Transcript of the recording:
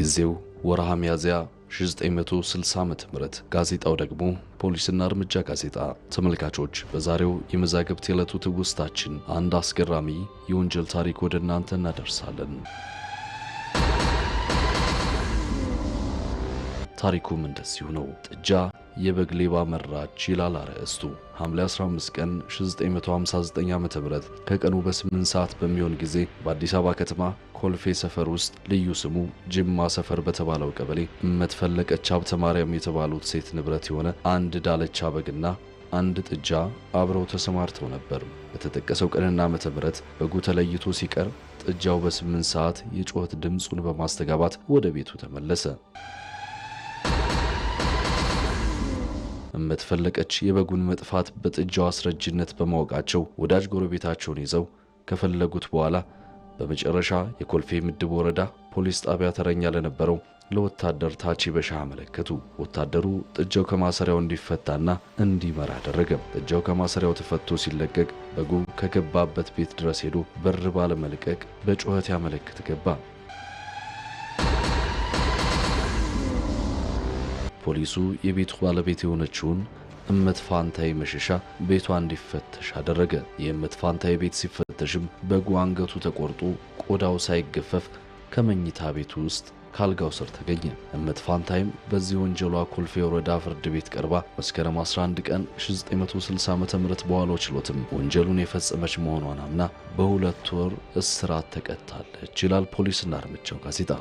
ወረሃ ወርሃ ሚያዝያ 1960 ዓ.ም ጋዜጣው ደግሞ ፖሊስና እርምጃ ጋዜጣ። ተመልካቾች በዛሬው የመዛግብት የዕለቱ ትውስታችን አንድ አስገራሚ የወንጀል ታሪክ ወደ እናንተ እናደርሳለን። ታሪኩም እንደዚሁ ነው። ጥጃ የበግ ሌባ መራች ይላል አርዕስቱ። ሐምሌ 15 ቀን 1959 ዓ ም ከቀኑ በ8 ሰዓት በሚሆን ጊዜ በአዲስ አበባ ከተማ ኮልፌ ሰፈር ውስጥ ልዩ ስሙ ጅማ ሰፈር በተባለው ቀበሌ እመትፈለቀች ሀብተ ማርያም የተባሉት ሴት ንብረት የሆነ አንድ ዳለቻ በግና አንድ ጥጃ አብረው ተሰማርተው ነበር። በተጠቀሰው ቀንና ዓመተ ምህረት በጉ ተለይቶ ሲቀር ጥጃው በ8 ሰዓት የጩኸት ድምፁን በማስተጋባት ወደ ቤቱ ተመለሰ። ፈለቀች የበጉን መጥፋት በጥጃው አስረጅነት በማወቃቸው ወዳጅ ጎረቤታቸውን ይዘው ከፈለጉት በኋላ በመጨረሻ የኮልፌ ምድብ ወረዳ ፖሊስ ጣቢያ ተረኛ ለነበረው ለወታደር ታች በሻ አመለከቱ። ወታደሩ ጥጃው ከማሰሪያው እንዲፈታና እንዲመራ አደረገ። ጥጃው ከማሰሪያው ተፈቶ ሲለቀቅ በጉ ከገባበት ቤት ድረስ ሄዶ በር ባለመልቀቅ በጩኸት ያመለክት ገባ። ፖሊሱ የቤቱ ባለቤት የሆነችውን እመት ፋንታይ መሸሻ ቤቷ እንዲፈተሽ አደረገ። የእመት ፋንታይ ቤት ሲፈተሽም በጉ አንገቱ ተቆርጦ ቆዳው ሳይገፈፍ ከመኝታ ቤቱ ውስጥ ካልጋው ስር ተገኘ። እመት ፋንታይም በዚህ ወንጀሏ ኮልፌ ወረዳ ፍርድ ቤት ቀርባ መስከረም 11 ቀን 1960 ም በኋላው ችሎትም ወንጀሉን የፈጸመች መሆኗን አምና በሁለት ወር እስራት ተቀጣለች ይላል ፖሊስና እርምጃው ጋዜጣ።